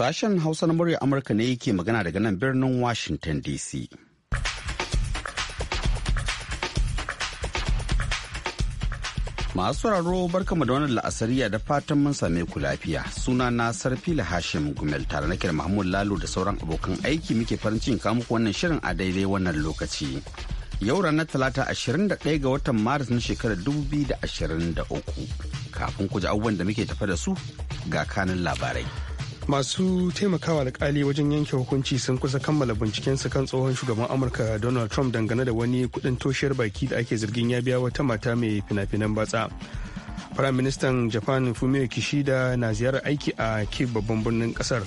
Sashen Hausa na murya Amurka ne yake magana daga nan birnin Washington DC. Masu sauraro barkamu da wannan la'asariya da fatan mun same ku lafiya. Suna na Sarfila Hashim Gumel tare na kira Mahmud Lalo da sauran abokan aiki muke farin cikin kamu wannan shirin a daidai wannan lokaci. Yau ranar Talata 21 ga watan Maris na shekarar 2023. Kafin ku ji abubuwan da muke tafa da su ga kanin labarai. masu taimakawa alkali wajen yanke hukunci sun kusa kammala bincikensu kan tsohon shugaban amurka donald trump dangane da wani kudin toshiyar baki da ake zargin ya biya wata mata mai fina-finan batsa prime minister japan fumio kishida na ziyarar aiki a cape babban birnin kasar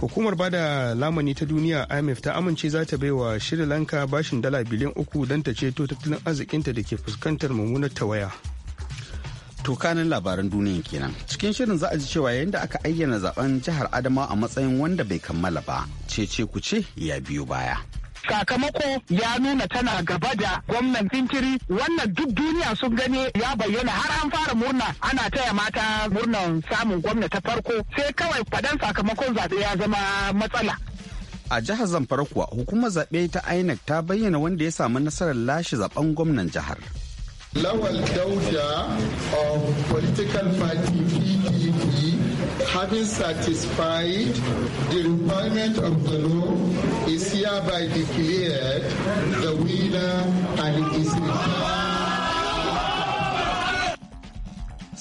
hukumar bada lamani ta duniya imf ta amince za ta baiwa sri lanka bashin dala biliyan uku don ta ceto tattalin arzikinta da ke fuskantar mummunar tawaya To kanin labaran duniya kenan. Cikin shirin za a ji cewa yayin da aka ayyana zaben jihar Adama a matsayin wanda bai kammala ba, ce-ce ku ce ya biyo baya. Sakamako ya nuna tana gaba da gwamnan Fintiri wannan duk duniya sun gani ya bayyana har an fara murna ana taya mata murnan samun gwamna ta farko sai kawai fadan sakamakon zaɓe ya zama matsala. A jihar Zamfara kuwa hukumar zaɓe ta INEC ta bayyana wanda ya samu nasarar lashe zaben gwamnan jihar. Lawal Dauda of political party PDP, having satisfied the requirement of the law, is hereby declared the winner and is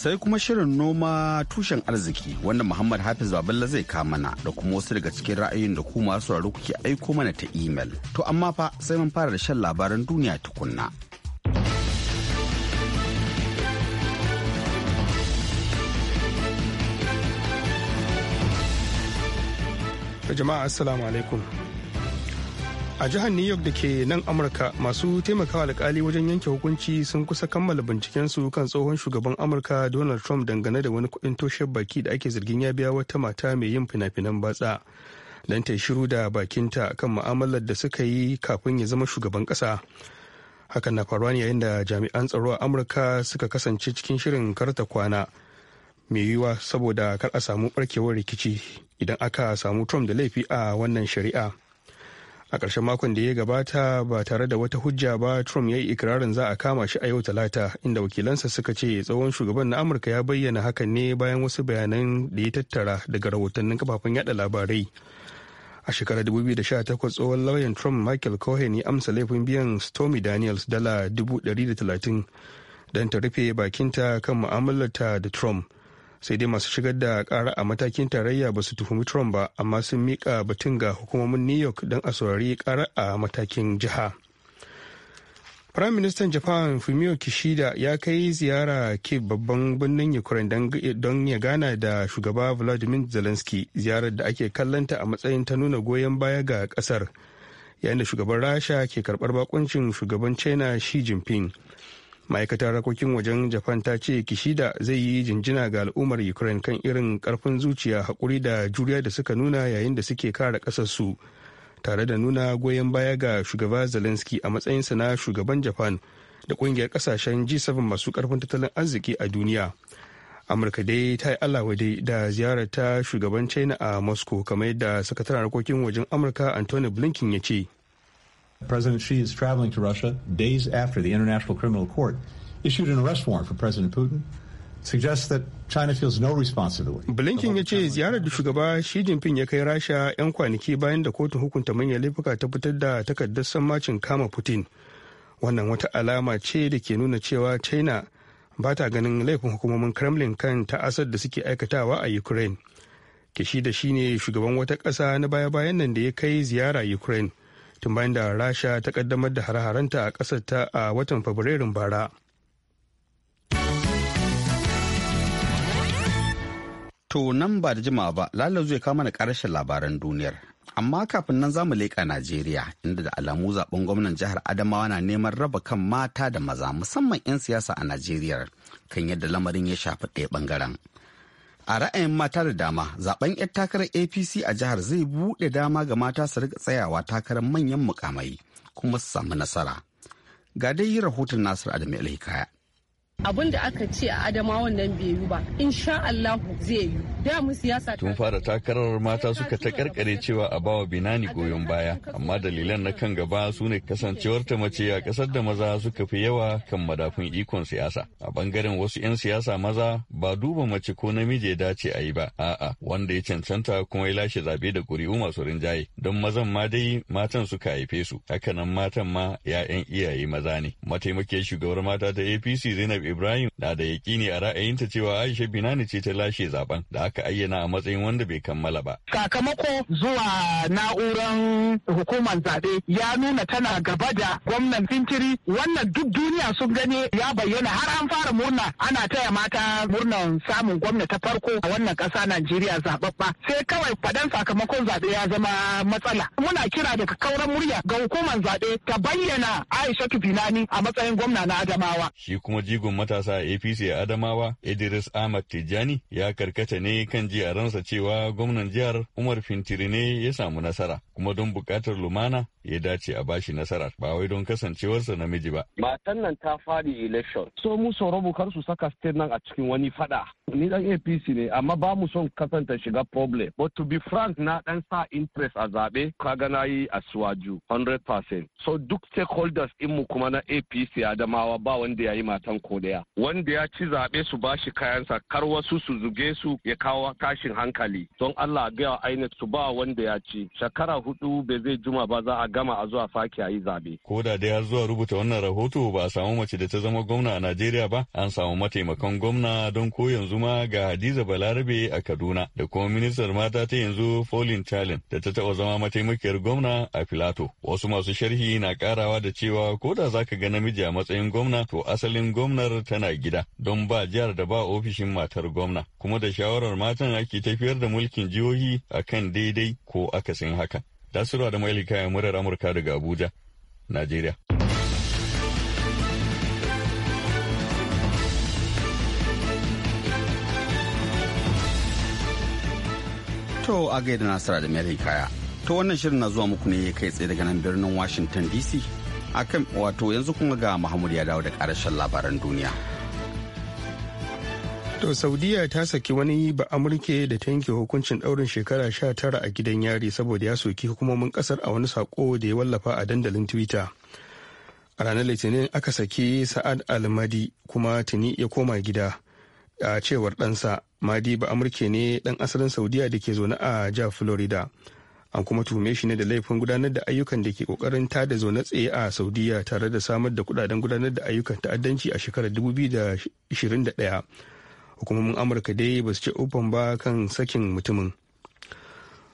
sai kuma shirin noma tushen arziki wanda muhammad hafiz baballa zai kamana da kuma wasu daga cikin ra'ayin da ku masu kuke aiko mana ta imel to amma fa sai mun fara da shan labaran duniya tukunna jama'a assalamu alaikum a jihar new york da ke nan amurka masu taimakawa alkali wajen yanke hukunci sun kusa kammala binciken su kan tsohon shugaban amurka donald trump dangane da wani kudin toshe baki da ake zargin ya biya wata mata mai yin fina-finan batsa don ta shiru da bakinta kan mu'amalar da suka yi kafin ya zama shugaban ƙasa hakan na faruwa ne yayin da jami'an tsaro a amurka suka kasance cikin shirin karta kwana mai yiwuwa saboda kar a samu barkewar rikici idan aka samu trump da laifi a wannan shari'a a ƙarshen makon da ya gabata ba tare da wata hujja ba trump ya yi ikirarin za a kama shi a yau talata inda wakilansa suka ce tsohon shugaban na amurka ya bayyana hakan ne bayan wasu bayanan da ya tattara daga rahotannin kafafen yada labarai a shekarar 2018 tsohon lauyan trump michael cohen ya amsa laifin biyan stormy daniels dala 130 don ta rufe bakinta kan mu'amalarta da trump sai dai masu shigar da kara a matakin tarayya ba su tuhumi trump ba amma sun miƙa batun ga hukumomin new york don a saurari kara a matakin jiha Prime Japan Fumio Kishida ya kai ziyara ke babban birnin Ukraine don ya gana da shugaba Vladimir Zelensky ziyarar da ake kallanta a matsayin ta nuna goyon baya ga kasar yayin da shugaban Rasha ke karbar bakuncin shugaban China Xi Jinping. ma'aikatar harkokin wajen japan ta ce kishida zai yi jinjina ga al'ummar ukraine kan irin karfin zuciya haƙuri da juriya da suka nuna yayin da suke kare ƙasarsu tare da nuna goyon baya ga shugaba zelensky a matsayinsa na shugaban japan da ƙungiyar ƙasashen g7 masu karfin tattalin arziki a duniya amurka dai ta yi allah dai da ziyarar ta shugaban china a moscow kamar yadda sakataren harkokin wajen amurka antony blinken ya ce President Xi is traveling to Russia days after the International Criminal Court issued an arrest warrant for President Putin. Suggests that China feels no responsibility. Blinken ya ce ziyarar da shugaba Xi Jinping ya kai Rasha 'yan kwanaki bayan da kotun hukunta manyan laifuka ta fitar da takardar sammacin kama Putin. Wannan wata alama ce da ke nuna cewa China ba ta ganin laifin hukumomin Kremlin kan ta'asar da suke aikatawa a Ukraine. Kishida shi ne shugaban wata ƙasa na baya-bayan nan da ya kai ziyara Ukraine. tun bayan da rasha ta kaddamar da hare a kasar ta a watan fabrairun bara to nan ba da jima ba lalo zai kama da karshen labaran duniyar amma kafin nan zamu leƙa najeriya inda da alamu zaben gwamnan jihar adamawa na neman raba kan mata da maza musamman 'yan siyasa a najeriya kan yadda lamarin ya shafi ɗaya ɓangaren. a ra'ayin mata da dama zaben yan takarar apc a jihar zai buɗe dama ga mata su rika tsayawa takarar manyan mukamai kuma su samu nasara ga dai rahoton nasir adamu kaya. abin da aka ce a adamawan nan bai yi ba insha Allahu zai yi da mu siyasa tun fara takarar mata suka ta karkare cewa a bawa binani goyon baya amma dalilan na kan gaba su ne kasancewar ta mace a kasar da maza suka fi yawa kan madafun ikon siyasa a bangaren wasu 'yan siyasa maza ba duba mace ko namiji ya dace a yi ba a'a wanda ya cancanta kuma ya lashe zabe da ƙuri'u masu rinjaye don mazan ma dai matan suka haife su hakanan matan ma 'ya'yan iyaye maza ne mataimakiyar shugabar mata ta apc zainab Ibrahim na da yaki ne a ra'ayinta cewa Aisha Binani ce ta lashe zaben da aka ayyana a matsayin wanda bai kammala ba. Sakamako zuwa na'urar hukumar zaɓe ya nuna tana gaba da gwamnan sintiri. wannan duk duniya sun gani ya bayyana har an fara murna ana taya mata murnan samun gwamna ta farko a wannan ƙasa Najeriya zaɓaɓɓa sai kawai faɗan sakamakon zaɓe ya zama matsala. Muna kira daga kauran murya ga hukumar zaɓe ta bayyana Aisha Binani a matsayin gwamna na Adamawa. Shi kuma jigon matasa a APC a Adamawa Idris Ahmad Tijjani ya karkata ne kan ji ransa cewa gwamnan jihar Umar Fintiri ne ya samu nasara kuma don bukatar lumana ya dace a bashi nasara ba wai don kasancewarsa namiji ba. Matan nan ta fadi election so mu sauraro kar su saka state nan a cikin wani fada. Ni dan APC ne amma ba mu son kasanta shiga problem but to be frank na dan sa interest a zabe kaga na yi a suwaju 100% so duk stakeholders in mu kuma na APC Adamawa ba wanda ya yi matan ko daya wanda ya ci zaɓe su bashi kayansa kar wasu su zuge su ya kawo tashin hankali don Allah gaya INEC su ba wanda ya ci shekara hudu bai zai juma ba za a gama a zuwa faki a yi zaɓe. Ko da dai har zuwa rubuta wannan rahoto ba a samu mace da ta zama gwamna a Najeriya ba an samu mataimakan gwamna don ko yanzu ma ga Hadiza Balarabe a Kaduna da kuma ministar mata ta yanzu Pauline Talin da ta taɓa zama mataimakiyar gwamna a Filato. Wasu masu sharhi na karawa da cewa ko da za ka ga namiji a matsayin gwamna to asalin gwamnar matar tana gida don ba jihar da ba ofishin matar gwamna kuma da shawarar matan ake tafiyar da mulkin jihohi a kan daidai ko akasin haka. Tasirwa da Mailika ya murar Amurka daga Abuja, Najeriya. To a gaida Nasara da Mailika ya. To wannan shirin na zuwa muku ne kai tsaye daga nan birnin Washington DC akan wato yanzu kuma ga Muhammad ya dawo da karashen labaran duniya. To Saudiya ta saki wani ba Amurke da ta yanke hukuncin ɗaurin shekara sha tara a gidan yari saboda ya soki hukumomin ƙasar a wani sako da ya wallafa a dandalin Twitter. A ranar Litinin aka saki Sa'ad Almadi kuma tuni ya koma gida. A cewar ɗansa, Madi ba Amurke ne ɗan asalin Saudiya da ke zaune a jihar Florida. an kuma tume shi ne da laifin gudanar da ayyukan da ke kokarin tada zaune tsaye a saudiya tare da samar da kudaden gudanar da ayyukan ta'addanci a shekarar 2021 hukumomin amurka dai ba su ce uban ba kan sakin mutumin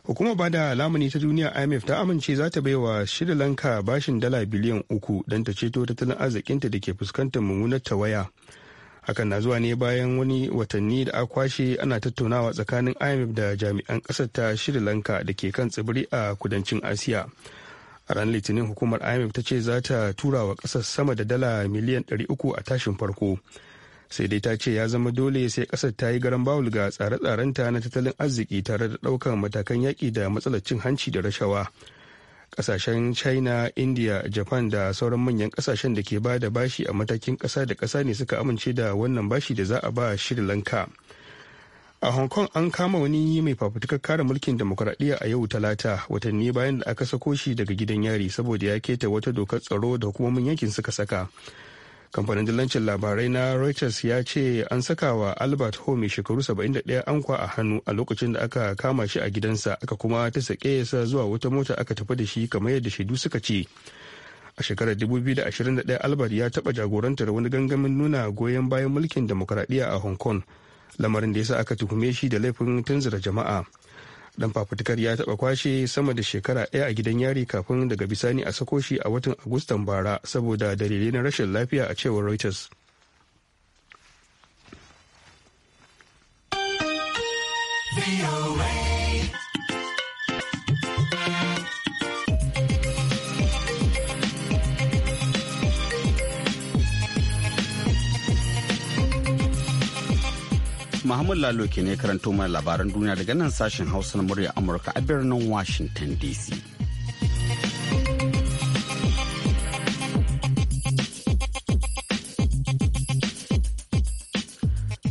hukumar ba da lamuni ta duniya imf ta amince za ta baiwa shirya lanka bashin dala biliyan uku don ta ceto tattalin arzikinta da ke fuskantar mummunar tawaya waya hakan na zuwa ne bayan wani watanni da a kwashe ana tattaunawa tsakanin imf da jami'an ƙasar ta shirin lanka da ke kan tsibiri a kudancin asiya a ranar litinin hukumar imf ta ce za ta tura wa ƙasar sama da dala miliyan 300 a tashin farko sai dai ta ce ya zama dole sai ƙasar ta yi garan bawul ga tsare-tsarenta na tattalin arziki tare da ɗaukan matakan yaƙi da matsalar cin hanci da rashawa kasashen china india japan da sauran manyan kasashen da ke ba da bashi a matakin kasa da kasa ne suka amince da wannan bashi da za a ba sri lanka a hong kong an kama wani yi mai fafutukar kare mulkin demokuraɗiyya a yau talata watanni bayan da aka sako shi daga gidan yari saboda ya keta wata dokar tsaro da hukumomin yankin suka saka kamfanin dillancin labarai na reuters ya ce an saka wa albert ho shekaru 71 ankwa a hannu a lokacin da aka kama shi a gidansa aka kuma ta sake sa zuwa wata mota aka tafi da shi kamar yadda shaidu suka ce a shekarar 2021 albert ya taɓa jagorantar wani gangamin nuna goyon bayan mulkin demokradiyya a hong kong lamarin da ya sa aka tuhume shi da laifin tanzara jama'a dan fafutukar ya taba kwashe sama da shekara ɗaya a gidan yari kafin daga bisani a sako shi a watan agustan bara saboda dalilai na rashin lafiya a cewar reuters Mahmud Lalo ke ne karanto mana labaran duniya daga nan sashen Hausa na murya Amurka a birnin Washington DC.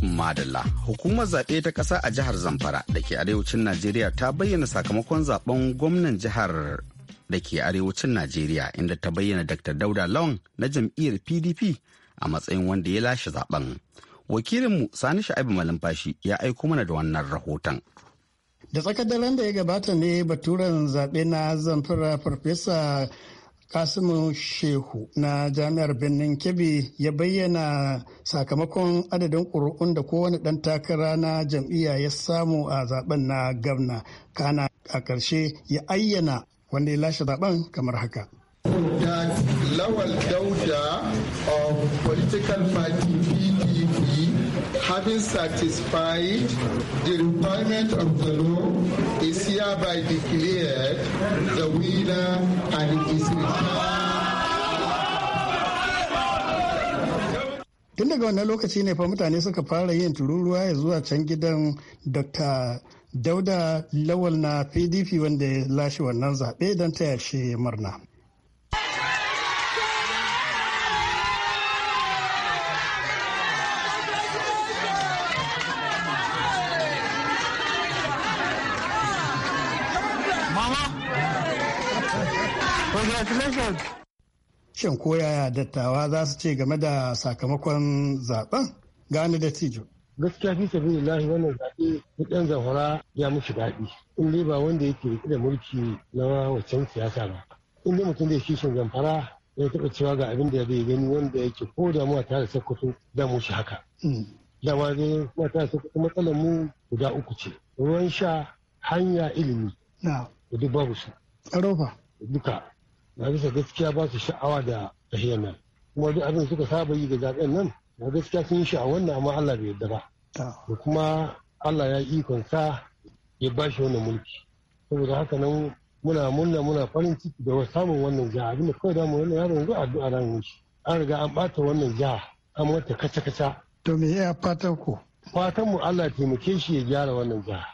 Madalla, hukumar zaɓe ta ƙasa a jihar Zamfara da ke arewacin Najeriya ta bayyana sakamakon zaɓen gwamnan jihar da ke arewacin Najeriya inda ta bayyana Dr. Dauda Long na jam'iyyar PDP a matsayin wanda ya lashe zaɓen wakilinmu sani sha'ibu malumfashi ya aiko mana da wannan rahoton da tsakar daren da ya gabata ne baturen zaɓe na zamfara farfesa kasimu shehu na jami'ar birnin kebbi ya bayyana sakamakon adadin ƙuri'un da kowane ɗan takara na jam'iyya ya samu a zaben na gabna kana a ƙarshe ya ayyana wanda ya lashe zaben kamar haka lawal dauda of political party having satisfied the requirement of the law, is hereby declared the winner and is Tun daga wannan lokaci ne fa mutane suka fara yin tururuwa ya zuwa can gidan Dr. Dauda Lawal na PDP wanda ya lashe wannan zaɓe don taya shi murna. shin ko dattawa za su ce game da sakamakon zaben gane da tijo gaskiya fi sabi lahi wannan zaɓe na ɗan zamfara ya mushi daɗi in dai ba wanda yake riƙe da mulki na wancan siyasa ba in dai mutum zai kishin zamfara ya taɓa cewa ga abin da zai gani wanda yake ko damuwa ta da sakkwato da mu shi haka hmm. dama dai mata da sakkwato matsalar mu guda uku ce ruwan sha hanya ilimi duk babu su duka na bisa gaskiya ba su sha'awa da tahiyar nan kuma duk abin suka saba yi ga zaben nan na gaskiya sun yi sha'awar na amma Allah bai yarda ba da kuma Allah ya ikon sa ya ba shi wannan mulki saboda haka nan muna murna muna farin ciki da samun wannan jiha abin da kawai damu wannan yaron zuwa addu'a ran shi an riga an bata wannan jiha an mata kaca-kaca. to me ya fatan ku fatan mu Allah taimake shi ya gyara wannan jiha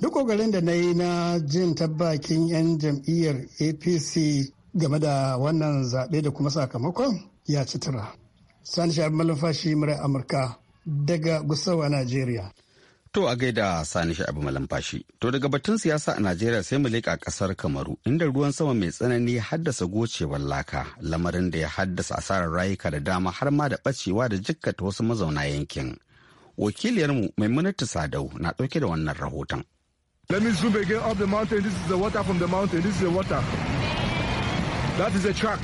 duk kokarin da na yi na jin tabbakin 'yan jam'iyyar apc game da wannan zaɓe da kuma sakamakon ya ci tura. Sani Shabi malamfashi murai Amurka daga Gusawa, Najeriya. To a gaida Sani Shabi malamfashi. To daga batun siyasa a Najeriya sai mu leƙa ƙasar Kamaru inda ruwan sama mai tsanani haddasa gocewar laka lamarin da ya haddasa asarar rayuka da dama har ma da ɓacewa da jikkata wasu mazauna yankin. Wakiliyarmu Maimunatu Sadau na ɗauke da wannan rahoton. Let me zoom again up the mountain. This is the water from the mountain. This is the water. That is the truck.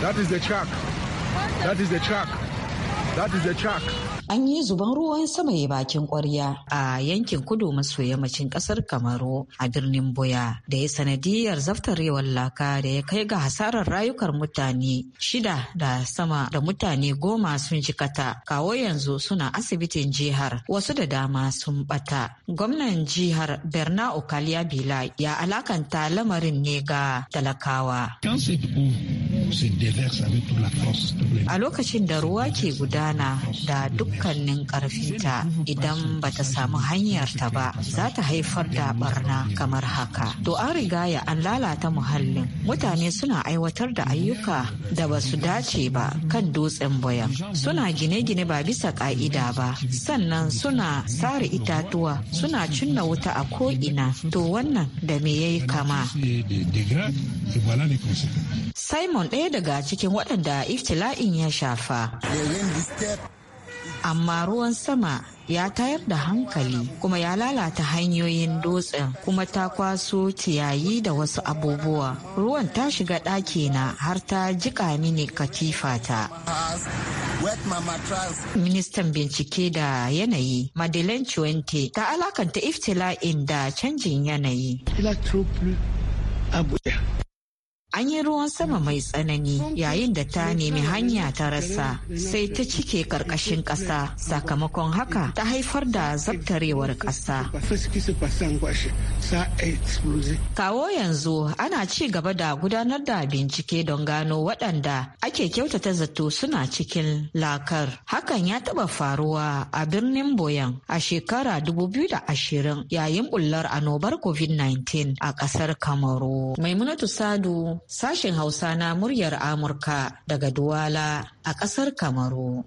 That is the truck. That is the truck. That is the truck. an yi zuban ruwan sama ya bakin kwarya a yankin kudu maso yammacin kasar kamaru a birnin boya da ya sanadiyar zaftarewar laka da ya kai ga hasarar rayukan mutane shida da sama da mutane goma sun jikata kawo yanzu suna asibitin jihar wasu da dama sun bata gwamnan jihar berna okaliya bila ya alakanta lamarin ne ga talakawa A lokacin da ruwa ke gudana da duk dukkanin karfinta idan ba ta samu hanyar ta ba za ta haifar da barna kamar haka to an rigaya an lalata muhallin mutane suna aiwatar da ayyuka da ba su dace ba kan dutsen bayan suna gine-gine ba bisa ka'ida ba sannan suna sare itatuwa suna cinna wuta a ko'ina to wannan da me ya yi kama Simon ɗaya daga cikin waɗanda iftila'in ya shafa. amma ruwan sama ya tayar da hankali kuma ya lalata hanyoyin dutsen kuma ta kwaso ciyayi da wasu abubuwa ruwan ta shiga ɗakina har ta jiƙa mini katifata ministan bincike da yanayi madeleine chuente ta alakanta iftila'in da canjin yanayi An yi ruwan sama mai tsanani yayin da ta nemi hanya ta rasa sai ta cike karkashin ƙasa sakamakon haka ta haifar da zabtarewar ƙasa. Kawo yanzu ana ci gaba da gudanar da bincike don gano waɗanda ake kyautata zato suna cikin lakar. Hakan ya taɓa faruwa a birnin Boyan a shekara 2020 yayin bullar anobar COVID-19 a ƙasar Kamaru. Maimunatu Sadu Sashen Hausa na muryar Amurka daga Duwala a ƙasar Kamaru.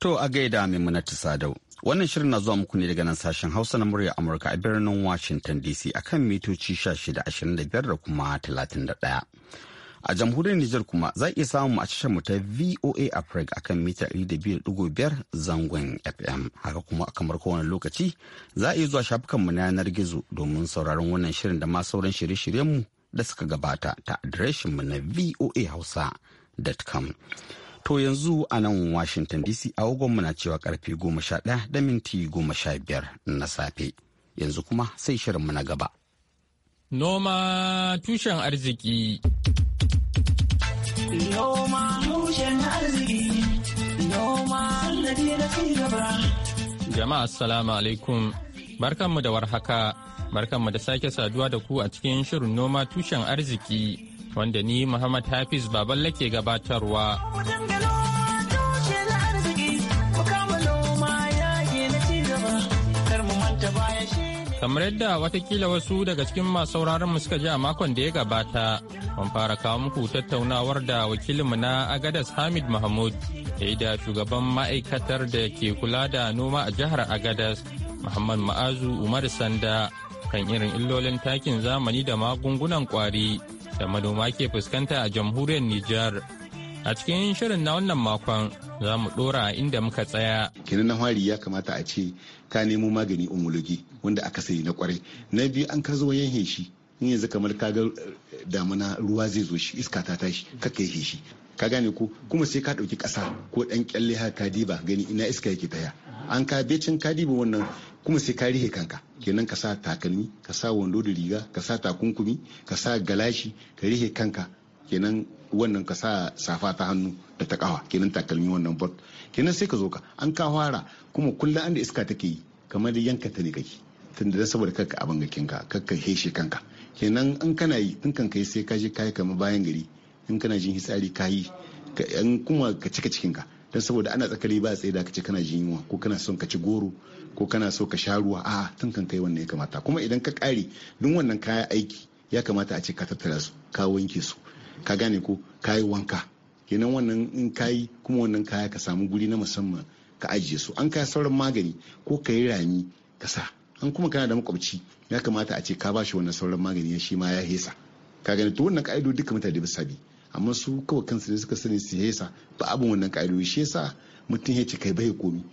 To a gaida Maimunatu Sadau. Wannan shirin na zuwa muku ne daga nan sashen Hausa na muryar Amurka a birnin Washington DC a kan mitoci 1625 da kuma 31. A jamhuriyar Nijar kuma za iya samun a tashar mu ta VOA Africa akan mita 200.5 zangon FM. Haka kuma a kamar kowane lokaci za a iya zuwa shafukanmu na yanar gizo domin sauraron wannan shirin da ma sauran shirye-shiryenmu da suka gabata ta adireshinmu na voa hausa.com. To yanzu a nan Washington DC agogonmu na cewa karfe goma da minti goma na safe. Yanzu kuma sai shirinmu na gaba. Noma tushen arziki. Noma tushen arziki. Noma da ci gaba. Jama'a assalamu alaikum. Barkanmu da warhaka. Barkanmu da sake saduwa da ku a cikin shirin noma tushen arziki wanda ni Muhammad Hafiz baban lake gabatarwa. Kamar yadda watakila wasu daga cikin masu sauraron mu suka ji a makon da ya gabata, mun fara kawo muku tattaunawar da wakilinmu na Agadas Hamid Mahmud ya yi da shugaban ma'aikatar da ke kula da noma a jihar Agadas, Muhammad Ma'azu Umar Sanda. kan irin illolin takin zamani da magungunan kwari da manoma ke fuskanta a jamhuriyar Nijar. A cikin shirin na wannan makon za mu dora inda muka tsaya. Kenan na hwari ya kamata a ce ka nemo magani umologi wanda aka sayi na kwarai. Na biyu an ka zo heshi in yanzu kamar ka ga eh, damuna ruwa zai zo shi iska ta tashi kaka yanhe heshi Ka gane ku kuma sai ka ɗauki ƙasa ko ɗan kyalle haka diba gani ina iska yake taya. an ka becin ka diba wannan kuma sai ka rihe kanka kenan ka sa takalmi ka sa wando da riga ka sa takunkumi ka sa galashi ka rihe kanka kenan wannan ka sa safa ta hannu da ta kawa kenan takalmi wannan bot kenan sai ka zo ka an ka fara kuma kullum an da iska take yi kamar da yanka ta ne kake tunda da saboda kakka abin gakin ka kakka heshe kanka kenan in kana yi tun kan kai sai ka je kayi kamar bayan gari in kana jin hitsari ka yi kuma ka cika cikin ka don saboda ana tsakali ba tsaye da ka ce kana jin yunwa ko kana son ka ci goro ko kana so ka sha ruwa a tun kan kai wannan ya kamata kuma idan ka kare duk wannan kaya aiki ya kamata a ce ka tattara su ka wanke su ka gane ko ka yi wanka kenan wannan in ka yi kuma wannan kaya ka samu guri na musamman ka ajiye su an kai sauran magani ko ka yi rami ka sa an kuma kana da makwabci ya kamata a ce ka bashi wannan sauran magani ya shi ma ya hesa ka gani to wannan ka'ido duka mutane bisa biyu. amma su kawai kansu ne suka sani yasa ba abin wannan ƙa'idoji shi yasa mutum ya ce kai bai komi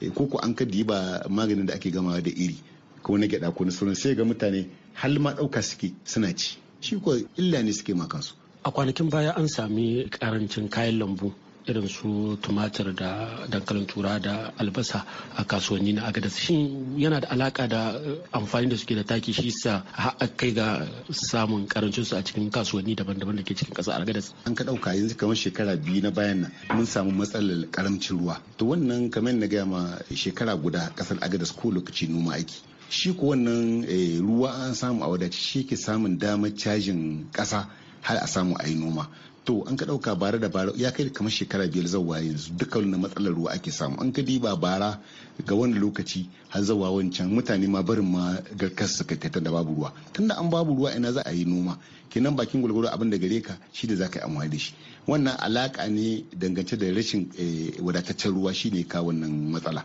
eh, ko ko an kaddi ba maganin da ake gamawa da iri ko na gyada ko na sauran sai ga mutane har ma ɗauka suke suna ci shi ko illa ne suke ma kansu a kwanakin baya an sami karancin kayan lambu irin su tumatir da dankalin tura da albasa a kasuwanni na agadas shi yana da alaka da eh, amfani da suke da taki shi sa har kai ga samun karancin su a cikin kasuwanni daban-daban da ke cikin kasa agadas an ka dauka yanzu kamar shekara biyu na bayan nan mun samu matsalar karamcin ruwa to wannan kamar na gaya ma shekara guda kasar agadas ko lokaci noma aiki shi ko wannan eh, ruwa an samu a wadace shi ke samun damar cajin kasa har a samu a yi noma to an ka dauka bara da bara ya kai kamar shekara biyar zawa yanzu dukkan wani matsalar ruwa ake samu an ka diba bara ga wani lokaci har zawa wancan mutane ma barin ma garkar suka taita da babu ruwa tunda an babu ruwa ina za a yi noma kenan bakin gwalgwaro abin da gare ka shi da za ka yi amfani da shi wannan alaka ne dangance da rashin eh, wadataccen ruwa shine ka wannan matsala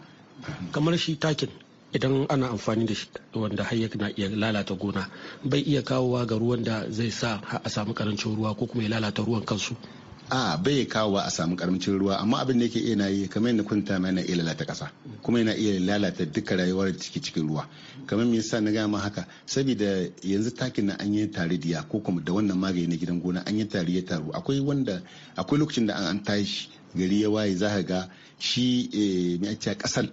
kamar shi takin idan ana amfani da shi wanda har na iya lalata gona bai iya kawowa ga ruwan da zai sa a samu karancin ruwa ko kuma ya lalata ruwan kansu a bai kawowa a samu karamcin ruwa amma abin da yake iya na yi kamar yadda kunta mai na iya lalata kasa kuma yana iya lalata duka rayuwar ciki cikin ruwa kamar me yasa na gaya ma haka saboda yanzu takin na an yi tare diya ko kuma da wannan magani na gidan gona an yi tare ya taru akwai wanda akwai lokacin da an tashi gari ya waye za ga shi mai a kasar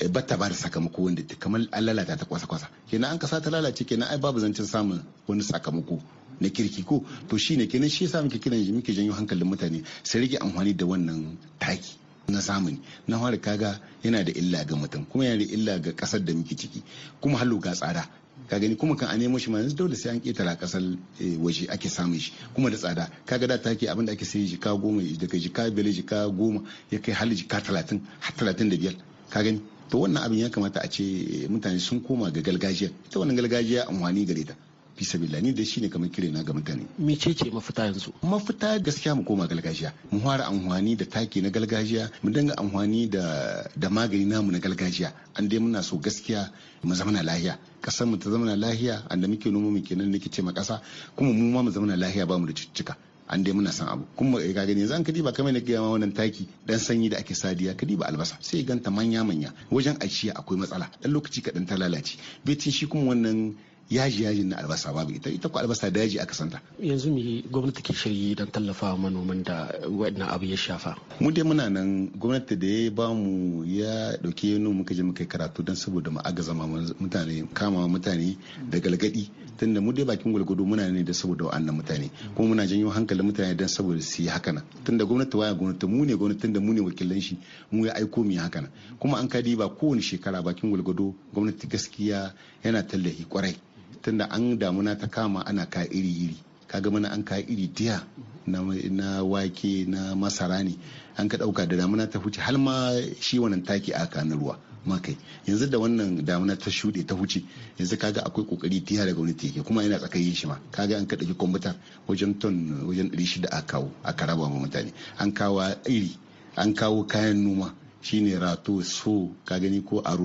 Eh, bata ba da sakamako wanda ta kamar an lalata ta kwasa-kwasa kenan an kasa ta lalace kenan ai babu zancen samun wani sakamako na kirki ko to shine kenan shi yasa muke kiran shi muke janyo hankalin mutane sai rage amfani da wannan taki na samuni na fara kaga yana da illa ga mutum kuma yana da illa ga kasar da muke ciki kuma hallo ga tsada ka gani kuma kan a nemo shi ma yanzu dole sai an ketara kasar eh, waje ake samun shi kuma da tsada kaga da take abin da ake sai jika goma daga jika biyar jika goma ya kai hali jika talatin har talatin da biyar ka gani to wannan abin ya kamata a ce mutane sun koma ga galgajiya ita wannan galgajiya amfani gare ta fi ni da shine kamar kire na ga mutane ce mafita yanzu mafita gaskiya mu koma galgajiya mu fara amfani da taki na galgajiya mu dinga amfani da da magani namu na galgajiya an dai muna so gaskiya mu zama lahiya kasar mu ta zama lahiya anda muke noma mu kenan nake ce ma kasa kuma mu ma mu zama lahiya ba mu da cututtuka an dai muna san abu kuma ga eh, gani yanzu an kadi ba kamar na ma wannan taki dan sanyi da ake sadiya kadi ba albasa sai ganta manya manya wajen ajiya akwai matsala dan lokaci kaɗan ta lalace bai shi kuma wannan yaji yajin na albasa babu ita ita ko albasa daji aka santa yanzu me gwamnati ke shirye don tallafa manoman da wannan abu ya shafa mu dai muna nan gwamnati da ya ba mu ya dauke mu muka je muka karatu don saboda mu zama mutane kama mutane da galgadi tunda mu dai bakin gwalgwado muna ne da saboda wa'annan mutane kuma muna janyo hankalin mutane don saboda su yi haka na tunda gwamnati waya gwamnati mu ne gwamnati tunda mu ne wakilan shi mu ya aiko mu yi haka na kuma an kadi ba kowane shekara bakin gwalgwado gwamnati gaskiya yana tallafi kwarai tunda an damuna ta kama ana ka iri-iri kaga mana an ka iri diya na wake na masara ne an ka dauka da damuna ta huce har ma shi wannan taki a kanin ruwa makai yanzu da wannan damuna ta shuɗe ta huce yanzu kaga akwai kokari tiya daga wani teke kuma yana tsakayin shi ma kaga an ka dauki kwamfuta wajen ton wajen ɗari shida a kawo a karaba ma mutane an kawo iri an kawo kayan noma shine rato so ka gani ko a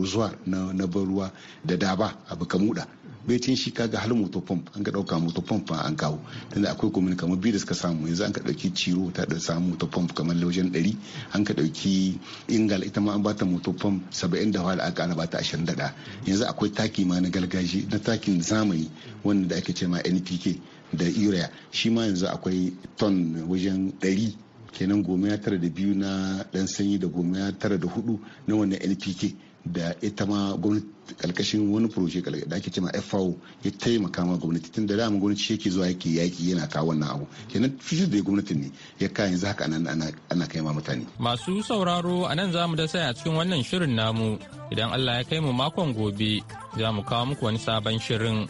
na, na ruwa da daba abu kamuda baitin shi kaga har moto pump an ka dauka moto pump an kawo tunda akwai komin kamar biyu da suka samu yanzu an ka dauki ciro ta da samu moto pump kamar wajen 100 an ka dauki ingal ita ma an bata moto pump 70 da wala aka bata 21 yanzu akwai taki ma na gargaji na takin zamani wanda da ake ce ma NPK da urea shi ma yanzu akwai ton wajen 100 kenan goma ya tara da biyu na dan sanyi da goma ya tara da hudu na wannan npk da ita ma gwamnati kalkashin wani furoce da ake cewa FAO ya taimaka ma gwamnati tun da dama gwamnati shi yake zuwa yake yaki yana kawo wannan abu kenan fitar da gwamnatin ne ya kayan yanzu haka ana ana kai ma mutane masu sauraro a nan zamu da sai a cikin wannan shirin namu idan Allah ya kai mu makon gobe za mu kawo muku wani sabon shirin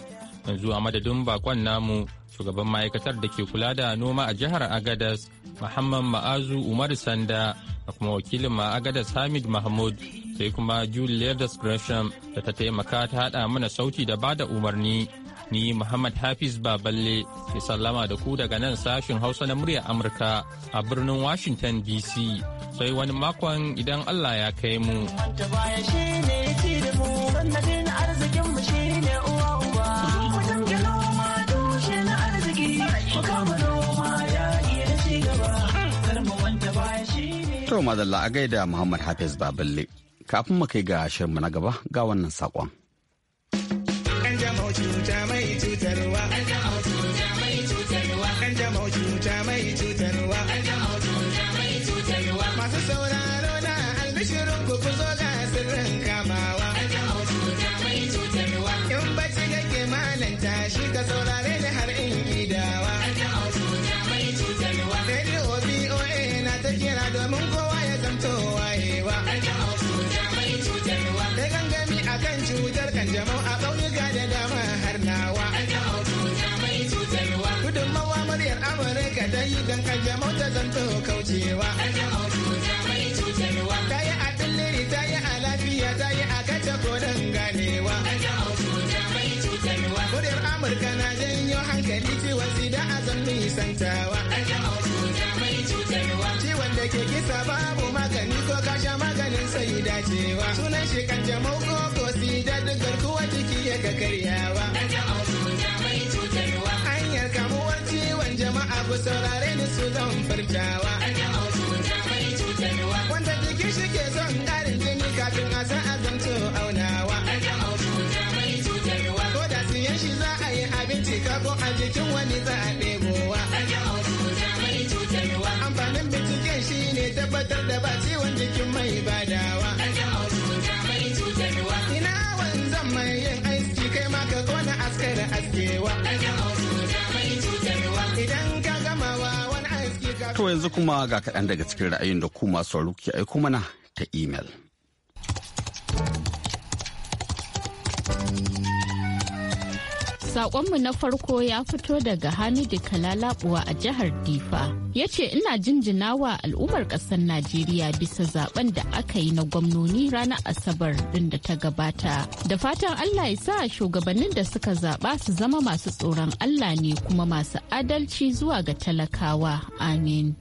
yanzu a madadin bakon namu shugaban ma'aikatar da ke kula da noma a jihar agadas muhammad ma'azu umar sanda da kuma wakilin ma hamid mahmud sai kuma julie gresham da ta taimaka ta hada mana sauti da bada umarni ni muhammad hafiz baballe ke sallama da ku daga nan sashin hausa na murya amurka a birnin washington dc sai wani makon idan allah ya kai mu. To madalla a gaida Muhammad Hafiz Baballe. Kafin mu kai ga shirinmu na gaba ga wannan saƙon. yi don kage mota zan to kaucewa. Ta yi a tulliri ta yi a lafiya ta yi a kace koren ganewa. Muryar Amurka na janyo hankali ciwon sida a zan nisantawa. Ciwon da ke kisa babu magani ko kasha maganin sai dacewa. Sunan shi kan jama'u ko ko da dukkan kuwa jiki ya ga karyawa. abu saurare ni su zan farcawa wanda jikin shi ke son ƙarin jini kafin a san azanto aunawa ko da siyan shi za a yi abinci kafin a jikin wani za a ɗebowa amfanin binciken shi ne tabbatar da ba ciwon jikin mai badawa ina wanzan mai yin aiki kai ma ka kona askara askewa yanzu kuma ga kaɗan daga cikin ra'ayin da kuma sauruki ke aiko mana ta imel. Sakonmu na farko ya fito daga Hamidu Kalalabuwa a jihar Difa. Ya ce ina jinjinawa al'ummar ƙasar Najeriya bisa zaben da aka yi na gwamnoni ranar Asabar din da ta gabata. Da fatan Allah ya sa shugabannin da suka zaɓa su zama masu tsoron Allah ne kuma masu adalci zuwa ga talakawa. Amin.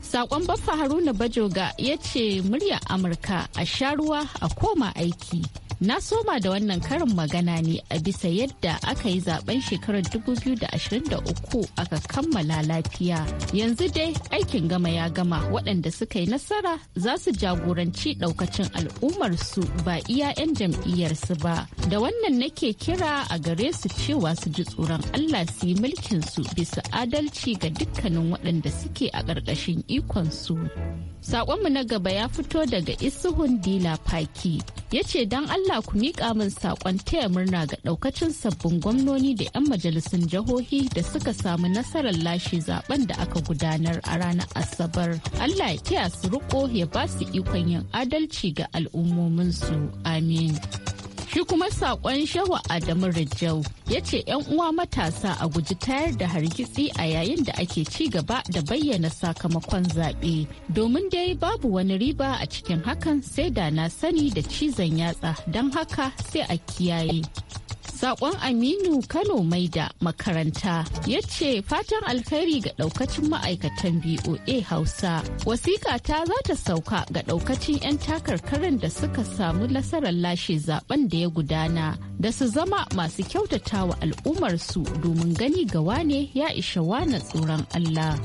Sakon baffa Haruna Bajoga ya ce murya Amurka a sha ruwa a koma aiki. Na soma da wannan karin magana ne a bisa yadda aka yi zaben shekarar 2023 aka kammala lafiya. Yanzu dai aikin gama ya gama waɗanda suka yi nasara za su jagoranci ɗaukacin al'ummarsu ba iya 'yan jam'iyyarsu ba. Da wannan nake kira a gare su cewa su ji tsoron Allah su yi mulkinsu bisa adalci ga dukkanin waɗanda suke a ƙarƙashin ikonsu. Saƙonmu na gaba ya fito daga Isuhun Dila Faki. Ya ce don Allah Allah ku miƙa min saƙon taya murna ga ɗaukacin sabbin gwamnoni da 'yan majalisun jihohi da suka samu nasarar lashe zaben da aka gudanar a ranar Asabar. Allah ya taya su riko ya ba su ikon yin adalci ga al'ummominsu. Amin. Shi kuma saƙon Shehu Adamu Rijau ya ce uwa matasa a guji tayar da hargitsi a yayin da ake ci gaba da bayyana sakamakon zaɓe. Domin dai babu wani riba a cikin hakan sai da na sani da cizon yatsa don haka sai a kiyaye. Sakon Aminu Kano Maida makaranta ya ce fatan alkhairi ga daukacin ma'aikatan BOA Hausa. Wasiƙa ta za ta sauka ga daukacin 'yan takarkarin da suka samu nasarar lashe zaben da ya gudana da su zama masu kyautatawa al'ummarsu domin gani ga wane ya isha wane tsoron Allah.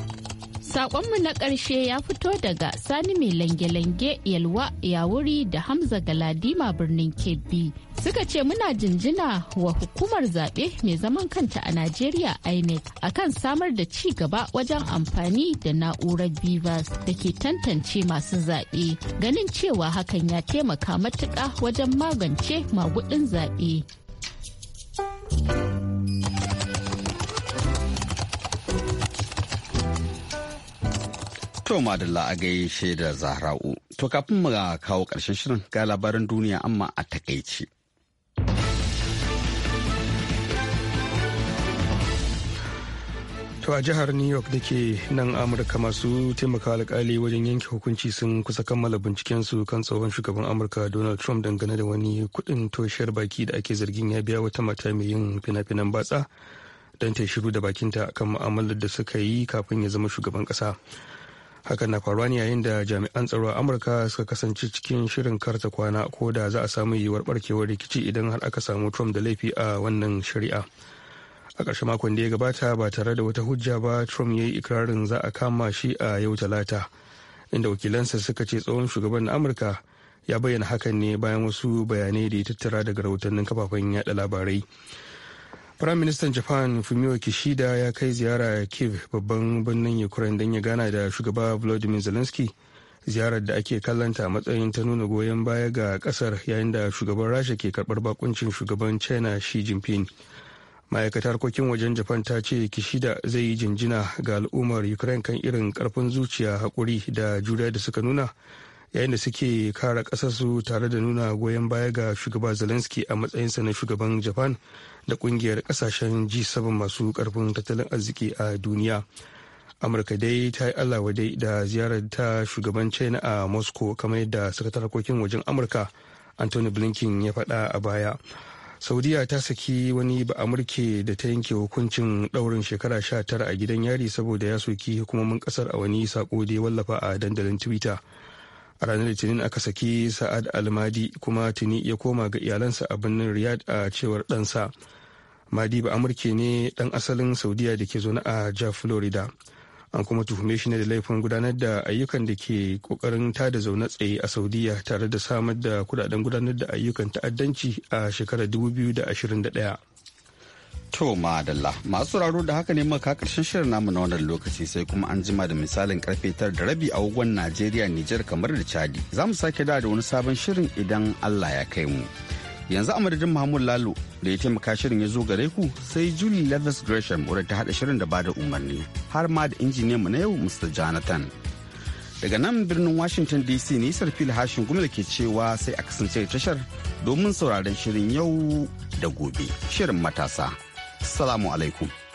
Sakonmu na ƙarshe ya fito daga Sani mai lange-lange yalwa wuri da Hamza ga ladima birnin Kebbi. Suka ce muna jinjina wa hukumar zaɓe mai zaman kanta a Najeriya INEC akan samar da ci gaba wajen amfani da na'urar Bivas da ke tantance masu zaɓe. Ganin cewa hakan ya taimaka matuƙa wajen magance magudin zaɓe. To madalla a gaishe da Zahra'u. To kafin mu kawo karshen shirin ga labaran duniya amma a takaici. To a jihar New York da ke nan Amurka masu taimaka alkali wajen yanke hukunci sun kusa kammala binciken su kan tsohon shugaban Amurka Donald Trump dangane da wani kudin toshiyar baki da ake zargin ya biya wata mata mai yin fina-finan batsa don ta shiru da bakinta kan mu'amalar da suka yi kafin ya zama shugaban kasa. hakan na faruwa ne yayin da jami'an tsaro a amurka suka kasance cikin shirin karta kwana ko da za a samu yiwuwar barkewar rikici idan har aka samu trump da laifi a wannan shari'a a ƙarshen makon da ya gabata ba tare da wata hujja ba trump ya yi ikirarin za a kama shi a yau talata inda wakilansa suka ce tsohon shugaban na amurka ya bayyana hakan ne bayan wasu bayanai da ya tattara daga rahotannin kafafen yada labarai minister Japan Fumio Kishida ya kai ziyara Kiev babban birnin Ukraine don ya gana da shugaba Volodymyr Zelensky. Ziyarar da ake kallanta a matsayin ta nuna goyon baya ga kasar yayin da shugaban Rasha ke karbar bakuncin shugaban China Xi Jinping. Ma'aikatar harkokin wajen Japan ta ce Kishida zai yi jinjina ga al'ummar Ukraine kan irin karfin zuciya haƙuri da juriya da suka nuna yayin da suke kara ƙasarsu tare da nuna goyon baya ga shugaba Zelensky a matsayinsa na shugaban Japan da kungiyar kasashen G7 masu karfin tattalin arziki a duniya. Amurka dai ta yi allawa dai da ziyarar ta shugaban China a Moscow kamar yadda sakatar harkokin wajen Amurka Anthony Blinken ya faɗa a baya. saudiya ta saki wani ba amurke da ta yanke hukuncin daurin shekara sha tara a gidan yari saboda ya soki hukumomin kasar a wani sako da ya wallafa a dandalin twitter a ranar litinin aka saki sa'ad almadi kuma tuni ya koma ga iyalansa a birnin riyadh a cewar ɗansa madiba amurke ne dan asalin saudiya da ke zaune a jihar florida an kuma tuhume shi ne da laifin gudanar da ayyukan da ke kokarin tada zaune tsaye a saudiya tare da samar da kudaden gudanar da ayyukan ta'addanci a shekarar 2021 To madalla masu sauraro da haka ne maka karshen shirin namu na wannan lokaci sai kuma an jima da misalin karfe tar da rabi a wagon Najeriya Nijar kamar da Chadi. Za mu sake da wani sabon shirin idan Allah ya kai mu. yanzu a madadin mahmud lalo da ya taimaka shirin ya zo gare ku sai julie levis gresham wadda ta haɗa shirin da ba da umarni har ma da injiniyan mu na yau mr jonathan daga nan birnin washington dc ne sarfil hashin da ke cewa sai a kasance tashar domin sauraron shirin yau da gobe shirin matasa salamu alaikum